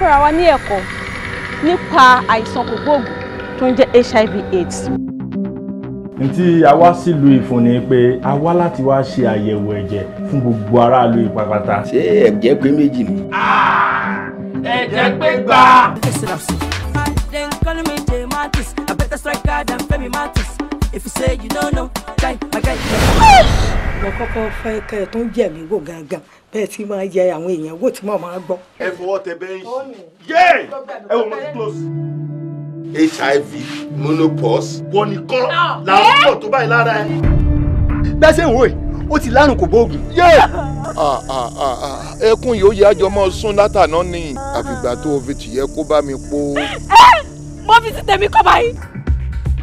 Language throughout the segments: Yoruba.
kọ́ra wa ni ẹ̀kọ́ nípa àìsàn kògbóògùn to HIV AIDS. nti awa a lu sílùú ni a wá lati wa se ayewo ẹ̀jẹ̀ fun gbogbo ara ìpapata. ṣé ẹ̀jẹ̀ pé méjì ni. Ah, ẹ̀jẹ̀ pé pe I call me Jay if you say you don't know guy my guy. mo kọ́kọ́ fẹ́ kẹ́ ẹ tó ń mí wò gangan bẹ́ẹ̀ tí máa yẹ àwọn èèyàn wò tí màá máa gbọ́. ẹ fọwọ́ tẹ bẹ́ẹ̀ ń yé ẹ wò mo close. hiv monopause wọ nìkan ah. làwọn pọ̀ tó báyìí lára ẹ. gbẹ́sẹ̀ ìwò yìí ó ti lárùn kò bóògùn. Ah, ah, ẹkún yìí ó yẹ àjọmọ́ sún látàná ni àfìgbà tó o fi tìyẹ kó bá mi pọ̀. Eh! mo fi ti tẹ̀mí kọ́ báyìí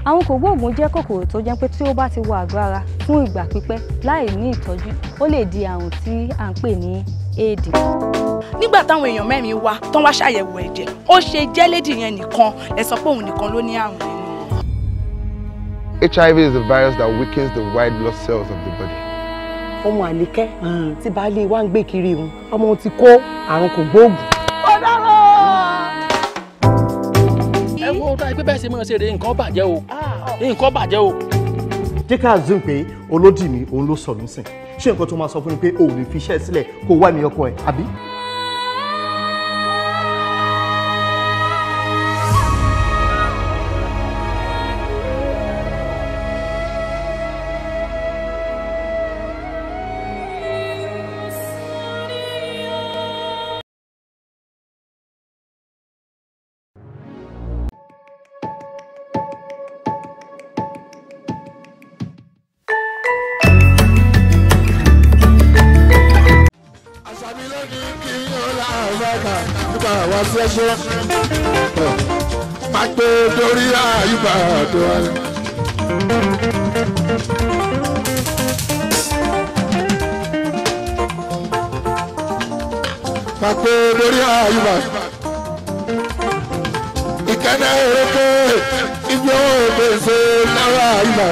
àwọn kògbóògùn jẹ́ kòkòrò tó jẹ́ pé tí ó bá ti wọ àgọ́ ara fún ìgbà pípẹ́ láì ní ìtọ́jú ó lè di àrùn tí à ń pè ní éèdì. nígbà táwọn èèyàn mẹ́rin wá tán wá ṣàyẹ̀wò ẹ̀jẹ̀ ó ṣe jẹ́lédì yẹn nìkan lẹ sọ pé òun nìkan ló ní àrùn yẹn. HIV is a virus that weakens the white blood cells of the body. ọmọ àníkẹ́ tí baálé wa ń gbé kiri òun ọmọ ti kó àrùn kògbóògùn tó dáa bẹ́ẹ̀ ṣe máa ṣe rè nǹkan bàjẹ́ o ah, oh. nǹkan bàjẹ́ o. jẹ́ zoom pé olódì mi òun ló sọ̀rọ̀ ń sìn ṣé nǹkan tó máa sọ fún mi pé òun ò ní fi iṣẹ́ sílẹ̀ kó wá mi ọkọ ẹ̀ àbí. wá sí ẹṣẹ má gbé torí àyùbá tó wà ní. má gbé torí àyùbá ìkànnà èrèké ibi owó náírà àyùbá.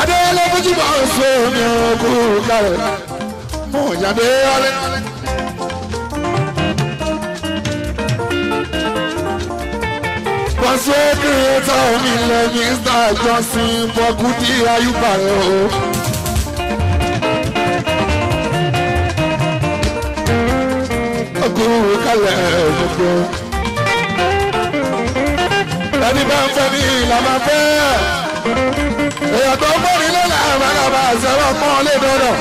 adéyẹlẹ fújì bá ọsẹ mi ò kú kárẹ mọ ìyàdé Senator onílẹ̀ Mr Johnson Bọ́kútí Ayúbà rẹ̀ o. Ọkùnrin kalẹ̀ gbogbo. Ẹni bá ń fẹ́ ní ìlànà fẹ́. Èèyàn tó ń bọ̀ nílé náà máa ń bá àṣẹwọ́ pọ́n lé dọ́dọ̀.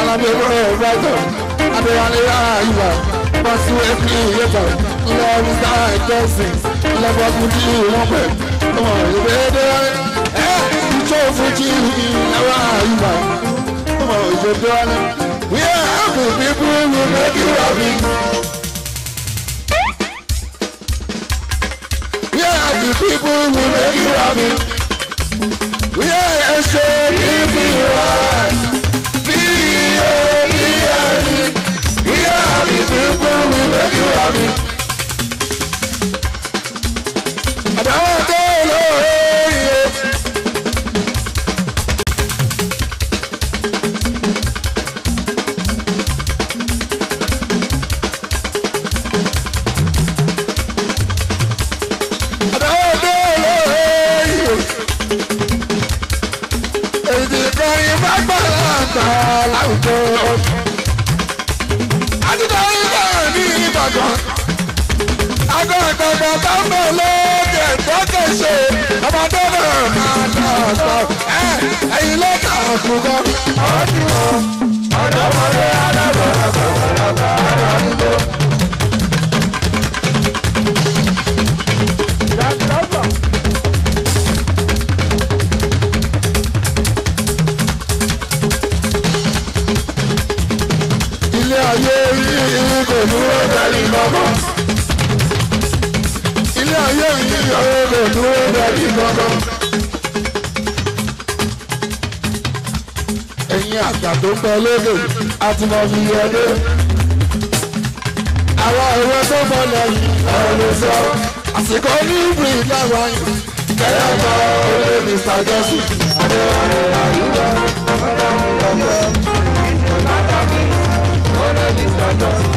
Alábẹ́ ìwé ẹ̀rọ ẹ̀rọ Adéwálé Ayúbà Bọ́sùn Ẹ̀kí Ìyẹ́bà lọ́ọ̀rù sáà ìjọsìn lọ́gbọ́gbù ní ìwọ̀n pẹ̀lú ọmọ ìgbẹ́dẹ́ ẹ̀ ìjọ fújì ẹwà ìgbà ọmọ ìgbẹ́dẹ́ wọn. we are happy people We make you happy. we are happy people We make you happy. we are ẹsẹ̀ níbi we are happy people We make you happy. Oh! Sugar bẹ lóde àtìmọ̀bí ẹdẹ. àwọn ìwé tó bọ̀ lẹ́yìn ọ̀rọ̀ sọ àsìkò ní ìbí ìdáwà yìí kẹ́lẹ́ bá olè Mr. Johnson adéwálé àyíká ọ̀rọ̀ ìlọ́jọ́ ọ̀rọ̀ ìlọ́jọ́ olè Mr. Johnson.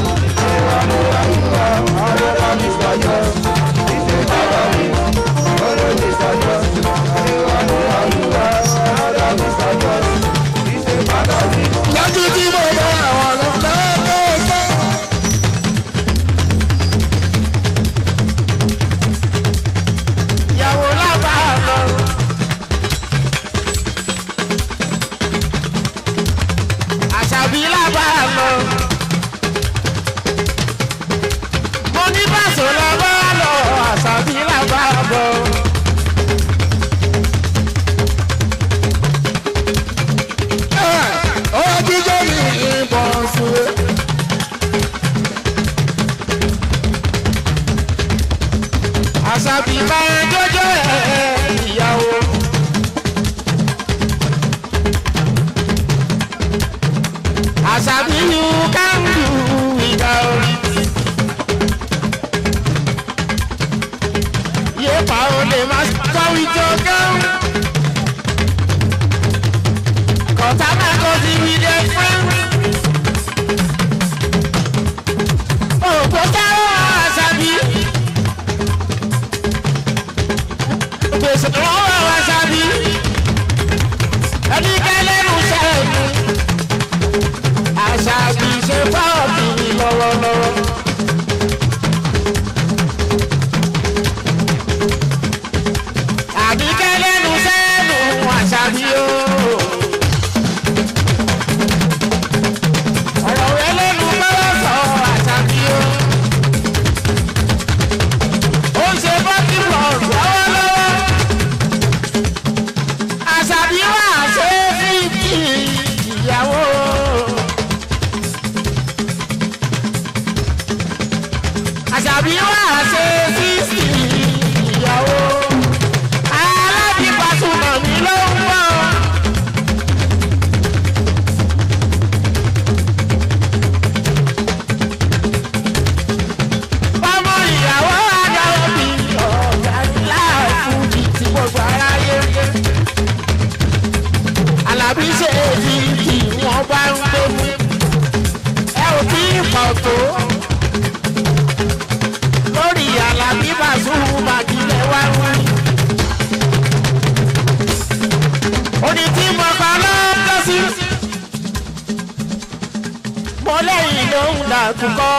àṣàbí wà ṣe sísì ìyàwó aláàbí Pasuma mi ló ń bọ̀. ọmọ ìyàwó adáwọ̀ mi ọ̀gá láàfù jì tí gbogbo aráyé yé. Àlàbí ṣe èyí tí wọ́n bá ń gbé mú wá wá. Òní tí mo kọ́ lọ́dọ̀ sí. Mo lẹ́yìn ló ń dà kúkọ́.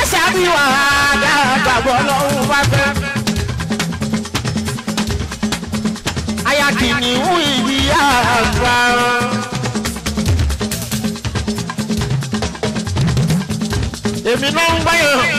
Aṣáájú wà á dàgbàgbọ́ náà ń báyọ̀.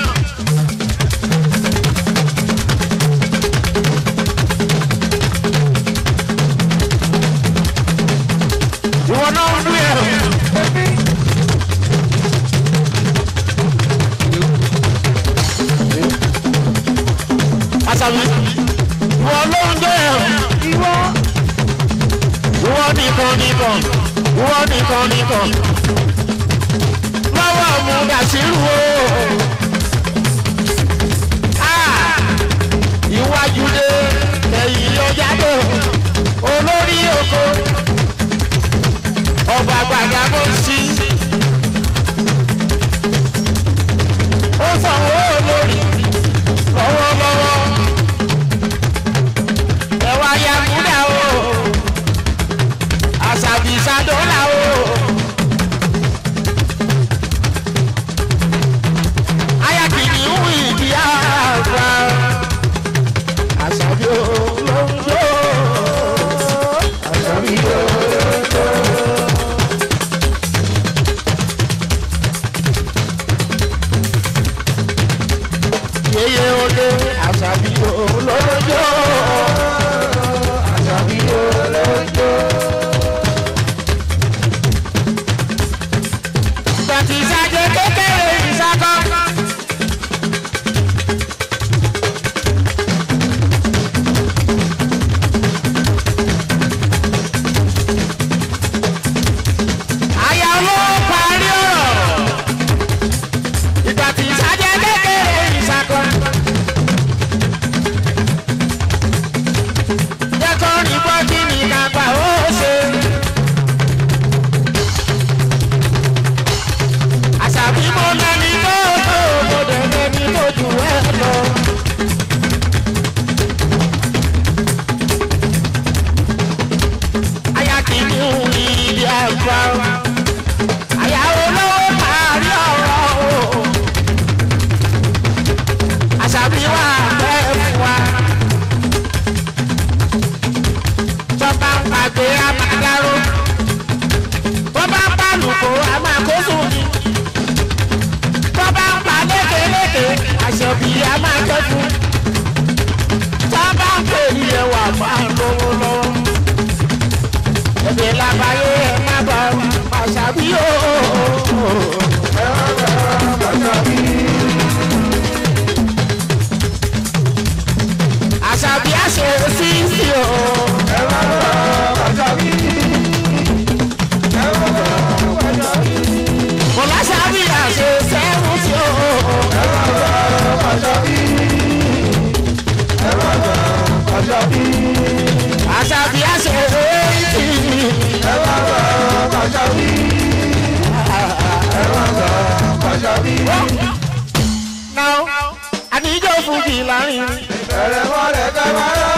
bá rìn. ẹ̀rẹ̀ rẹ̀ tẹ́ bá rẹ̀.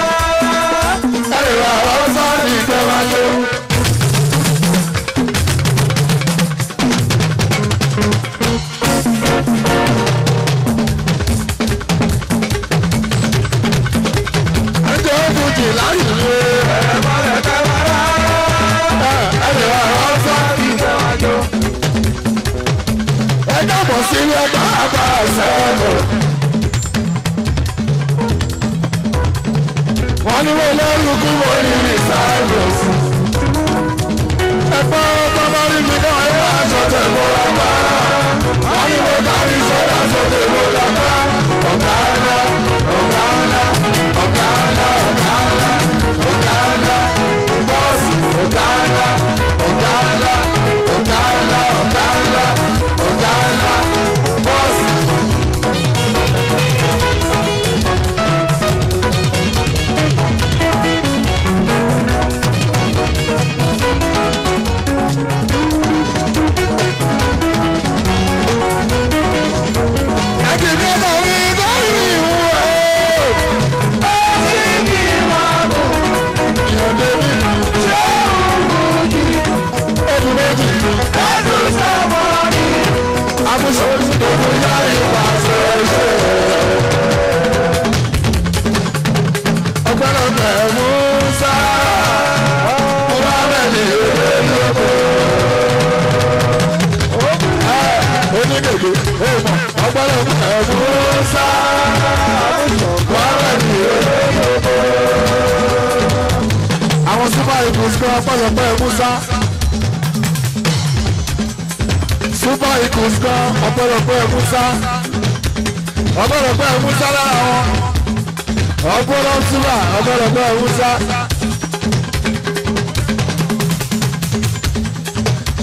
bọ́lá túbà ọgọ́dọ̀gbọ́ ìwúsá.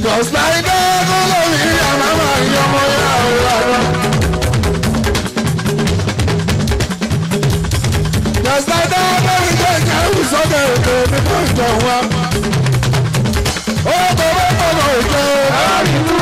Kọ̀sá iná tó lórí àlámà ìyọmọ yá òwúrọ̀. Kọ̀sá iná lórí jẹ́jẹ́ ìwúsọ́dẹ̀ èdè nípa ìjọ wa. Ó bọ̀ wọ́pọ̀ mọ̀ ìjọ ẹ̀rọ ìlú.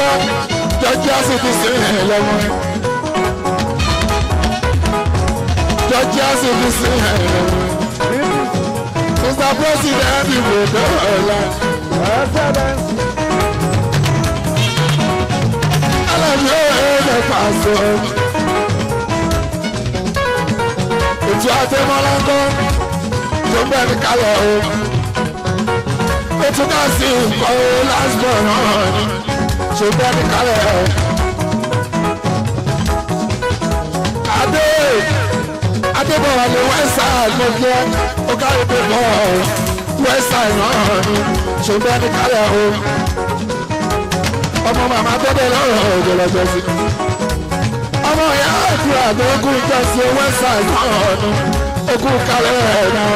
gbọ́ jọjá sì ti ẹ̀ lọ́mọ. jọjá sì ti sìn ẹ̀ lọ́mọ. Mr. President ìbò dọ́ọ̀la. alábí òye lè pàṣẹ. ètò àtẹmọ́lá ń kọ́ tó bẹ́ẹ̀ ní kálọ̀ o. ètò náà sì ń kọ́ lásìkò náà ṣe bẹ́ẹ̀ni kálẹ̀ o. adé adébọ̀wá ni wẹ́sà ló jẹ́ ọ̀gá ìdìbò wẹ́sà náà ni ṣe bẹ́ẹ̀ni kálẹ̀ o. ọmọ màmá bẹ́ẹ̀ lọ́rọ̀ ògbólọ́jọ́ sí. ọmọ ìyá àti àgbẹ̀ ogún jọ́sí wẹ́sà náà ni ogún kálẹ̀ náà.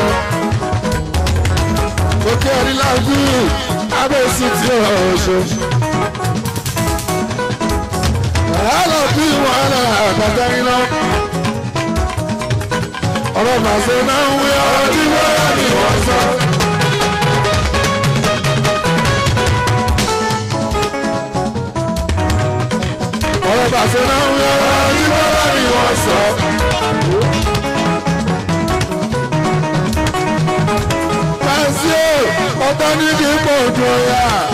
òkè orí lágùn abẹ́ sí ti ọ̀ṣọ́ wàhálà bí wàhálà àgbàdá iná. ọ̀rọ̀ màṣẹ náà ń wí ọ̀rọ̀ tí wọ́n yà ní wọ́n sọ. ọ̀rọ̀ màṣẹ náà ń wí ọ̀rọ̀ tí wọ́n yà ní wọ́n sọ. Tẹ́sí ọ̀tọ́ ní kí n kò jọ yà.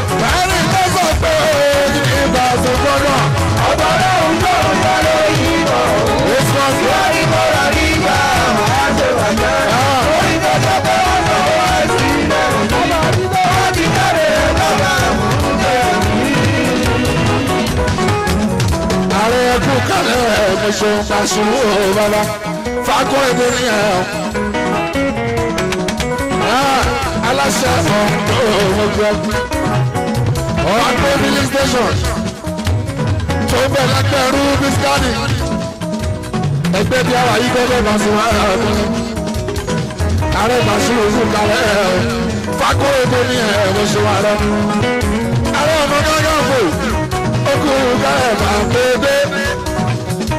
ṣeun pàṣẹ o bàbá fakọ́ èdè nìyẹn aláṣẹ ọ̀dọ́ ọgbẹ́ ọ̀gbẹ́ filling station tó bẹ̀ lágbẹ́rú bisikadi ẹgbẹ́ bí ara yìí gbọ́dọ̀ bá sí wa ààrẹ bá sí òfin kalẹ̀ fakọ́ èdè nìyẹn ẹ̀rọ ṣe wa rẹ ààrẹ ọmọ gángan fò ó kú kálẹ̀ máa pé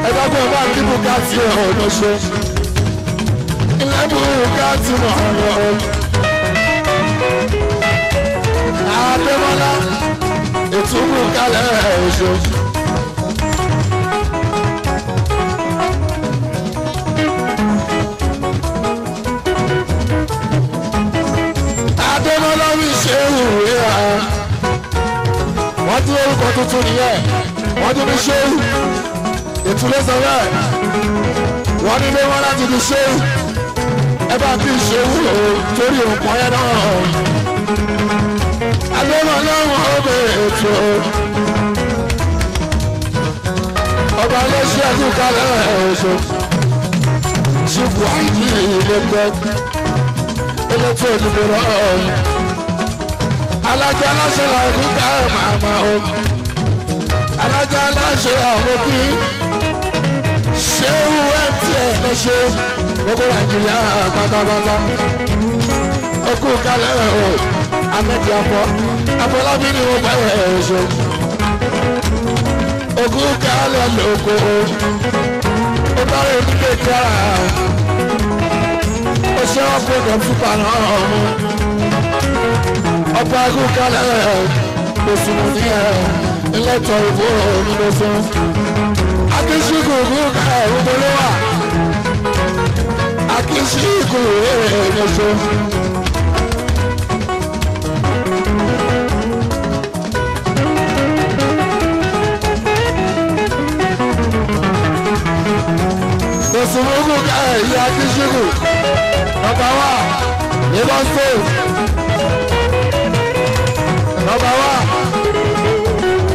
ẹ bá kọ́ ẹ bá rí bùkátì ẹ̀ ọ̀nà ṣe ilẹ̀ bùkátì mọ̀ ọ̀rọ̀ Adémọ́lá ìtúbù ọ̀ṣọ́. Adémọ́lá mi ṣe ìwé ha wọ́n tún orúkọ tuntun nìyẹn wọ́n tún fi ṣe ìwé ètò ló sọ bẹ́ẹ̀ wọ́n ní bí wọ́n láti fi ṣe ẹ bá fi ṣe wúlò torí òǹkọ́ yẹn náà agbẹ́mọ̀ náà wọ́n ó bẹ ètò ọba iléeṣẹ́ ẹ̀dùn kalẹ̀ ẹ̀ṣọ́ ṣùgbọ́n àìní ilé pẹ́ elétò ìdìbò náà alájọ aláṣẹ làwọn ìdúgbà ẹ̀ máa máa ó alájọ aláṣẹ àwọn òbí ṣéwù ẹ̀ǹtì ẹ̀lẹ́ṣẹ́ gbogbo nàìjíríà pátápátá okú kalẹ̀ o amẹ́tì afọ afọlábí ni mo bẹ̀rẹ̀ ẹ̀ṣọ́ okú kalẹ̀ lóko ó bá rẹ̀ nílé kára ó ṣe wọ́n fún ọ̀dọ̀ fúpa náà ọ̀hún ọba okú kalẹ̀ lóṣù ní ẹ̀ ńlẹ́tọ̀ ìbò ọ̀hún ló fún ìlú kẹrù bolówà àkíṣí ìkùrù rẹ̀ ẹ̀ẹ́dẹ́sọ. Osumugu kẹrù ìlú àkíṣí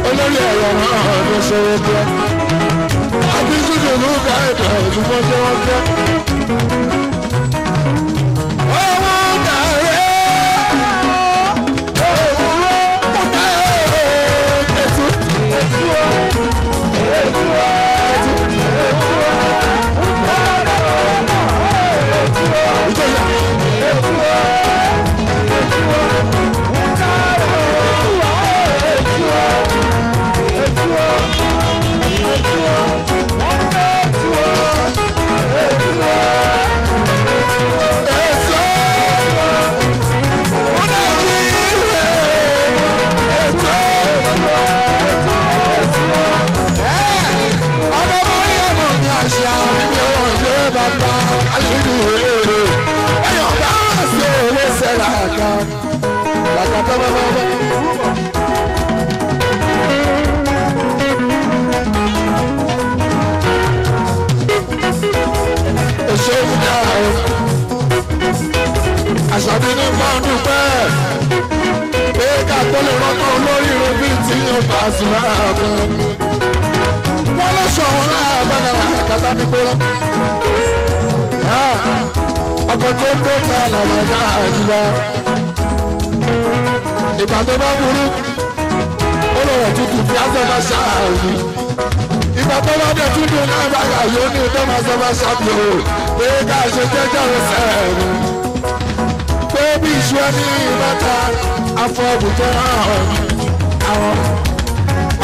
olórí ẹ̀rọ náà ọdún ṣòro jẹ́ ìlú ká ẹ̀dọ̀ ìdúgbò ṣé wọ́n àṣàbí ní pọ́ńdù pẹ́ pé kàtó lè rọ́kàn olórí rubin tí yóò bá sí máa kan. wọ́n lọ sọ wọn láàbàdà kàtà ní pé ọkọ̀ tó ń gbé ta làwọn ẹ̀ka àjùlọ ìgbà tó bá burú ó lọ wọ̀ tuntun fi aṣọ bá ṣáàyè ìgbà tó bá dẹ̀ tún dùn náà bá yà yóò ní ìtọ́ máa ṣe bá ṣàbíò pé ká ṣe jẹ́jẹ́ rẹ̀ pé bí iṣu ẹni ìbáta afọ́bùtẹ́ àwọn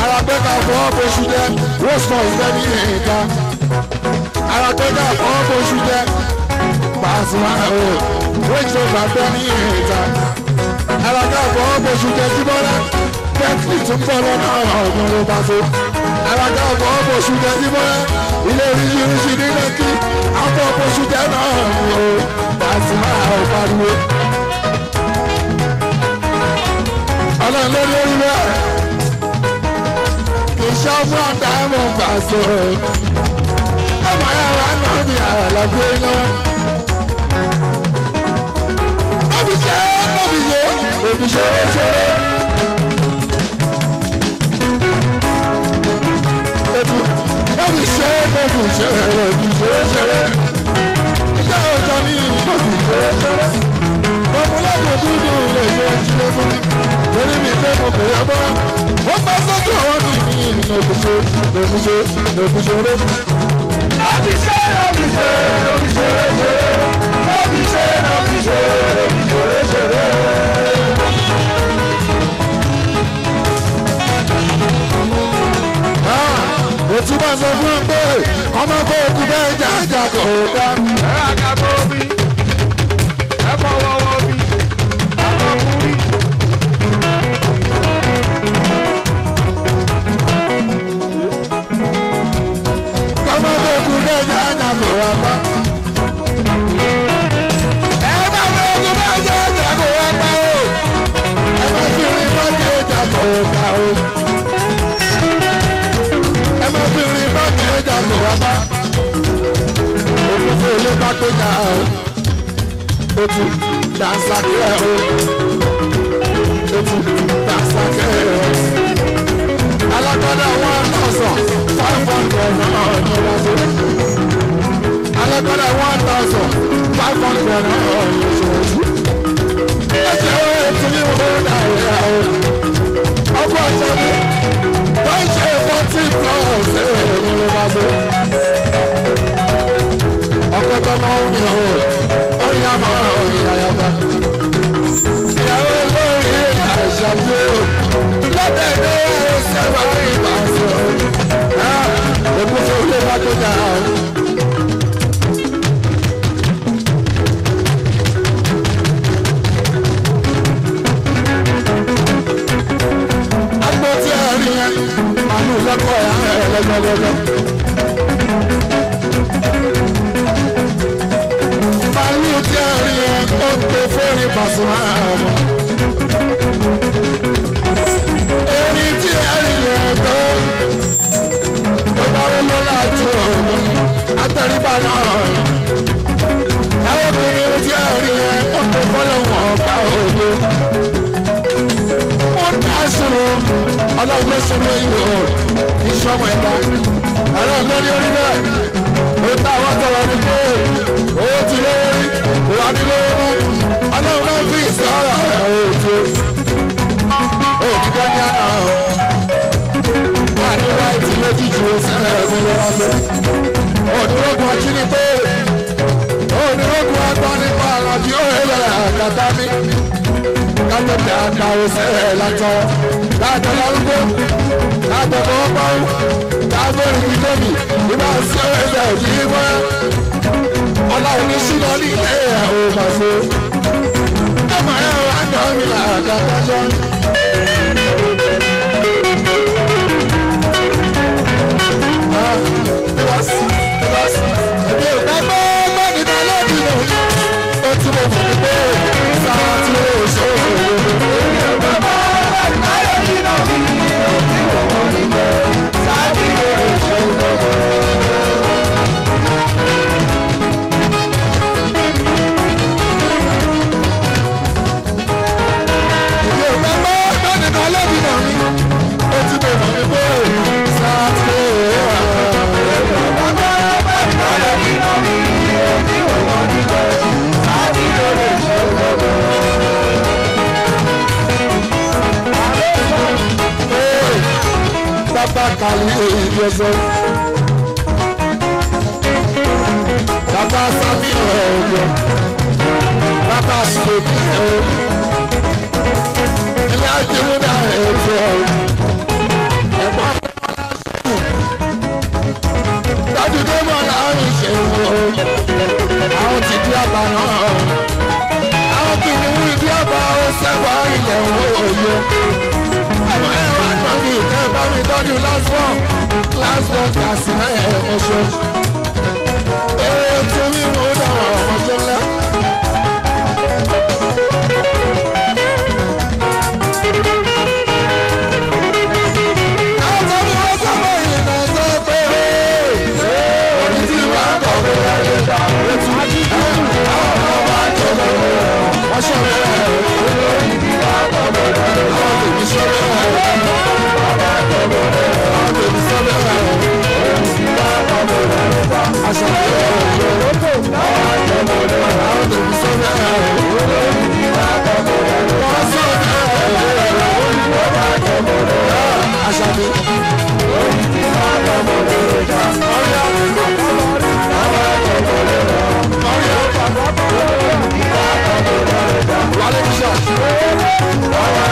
arábẹ́ka fọ́ bóṣù jẹ́ rosmọ̀ ìfẹ́ ní ìka arábẹ́ka fọ́ bóṣù jẹ́ pàṣẹ wọn ò wíjọ bàbá ní ìta àlàkà àfọwọ́ bòṣù kẹsí bọ́lá pẹ́ẹ́tì tún bọ́ lọ́nà ọ̀gbìn ló bá so. àlàkà àfọwọ́ bòṣù kẹsí bọ́lá ilé oríṣiríṣi ní lẹ́kì àfọwọ́ bòṣù kẹsí náà ọ̀gbìn ó bá sí máa ọ̀ pariwo. ọlọ́run ló lórí bẹ́ẹ̀ kì í ṣọ́ọ́fún àtàwọn bá so. ọmọ yàrá náà ni àlàkà ìlọ́wọ́. òbí ṣeré ṣeré. òbí ṣeré òbí ṣeré òbí ṣeré ṣeré. ìjà ọjà ní òbí ṣeré ṣeré. ọmọlẹ́dùn dúdú lè ṣe ṣílẹ̀ fún mi. lórí mi pé mo bèrè ọgbọ́n. wọ́n bá sọ́jú àwọn mi ní òbí ṣeré òbí ṣeré òbí ṣeré. òbí ṣeré òbí ṣeré òbí ṣeré ṣeré. òbí ṣeré òbí ṣeré òbí ṣeré ṣeré. tí wọ́n sọ fún un pé ọmọ kò kú bẹ́ẹ̀ jájà kò dá. ẹ̀rọ àgàbọ̀ mi. bàbá òkúté ilé bá pé ká o tún dàsákẹ́ o o tún dàsákẹ́ o alágbádá one thousand five hundred náà ni wọ́n alágbádá one thousand five hundred náà ni wọ́n ẹ̀jẹ̀ wo ètò ní ìwé náírà o ọgbọ́n ṣe mi wọ́n ṣe sí pọ́ọ̀sẹ̀ òun ló máa gbé. ọkọ tó máa ń yàn ó ó yà máa ń yàyàgbá. ìyàwó lórí àṣàbí ó lọ́dẹ̀ ní ó ṣẹ̀wá ìbàṣọ. ẹ̀ẹ́dẹ́gbẹ́sọ̀ ló bá tó dáa. kọ́ ẹ̀ lọ́gbọ́lọ́gbọ́. Bàálù tí a rí ẹ ó tó fẹ́rin Pasuma àmọ́. Orin tí a rí ẹ tó tó bá wọn lọ́la tó ọmọ àtẹ̀rígbà náà. Àwọn obìnrin tí a rí ẹ ó tó fọ́lọ́wọ́n ọ̀gá òde. ọlọ́run mẹ́sàn-án ló yí wò ó kì í sọ́mọ ẹ̀dá ẹ̀rọ ìgbẹ́ni orí bẹ́ẹ̀ ó tá àwọn tọrọ ní pé owó ti lórí ìwà ní lórí ọlọ́run náà fi ìsọ̀rọ̀ ẹ̀ ó tó òkìkẹ́ ní àná ọ̀ àdúrà ìtì méjì ju sílẹ̀ ẹ̀sìn lọ́wọ́ lọ. òdúrógùn ọjí ni pé òdúrógùn agbọ́n nípa àlàjì ó hẹ́lẹ̀ àkàtà mi kátẹ́tẹ́ àkàwé sẹ́rẹ̀ látọ̀ láàjọ lárúgbó láàjọ fọwọ́pọ́n láàgbọ́n ìlú tóbi ìbá sí ẹsẹ̀ òjì wá ọlọ́run ní sínú ní ilé ẹ̀ ò máa ṣe. ẹ máa ń rán àjọ mi làkàtà jọ́ni. rẹpẹtẹ. bàbá sábì ọ̀rọ̀ ọ̀gbẹ́ bàbá sọ̀bì ọ̀rọ̀ ilé àjẹmúdà ẹ̀jẹ̀ ẹ̀gbọ́n fẹ́ràn sùn dájúdé mọ̀ láàrin ìṣẹ̀wọ̀ àwọn ti di àbá náà àwọn kìnìún ìdí àbá ó sẹ́wàá ilẹ̀ òun òye àwọn ẹ̀rọ àtọ́jú ìtẹ́ bá mi tọ́jú lásán. assim é Lord.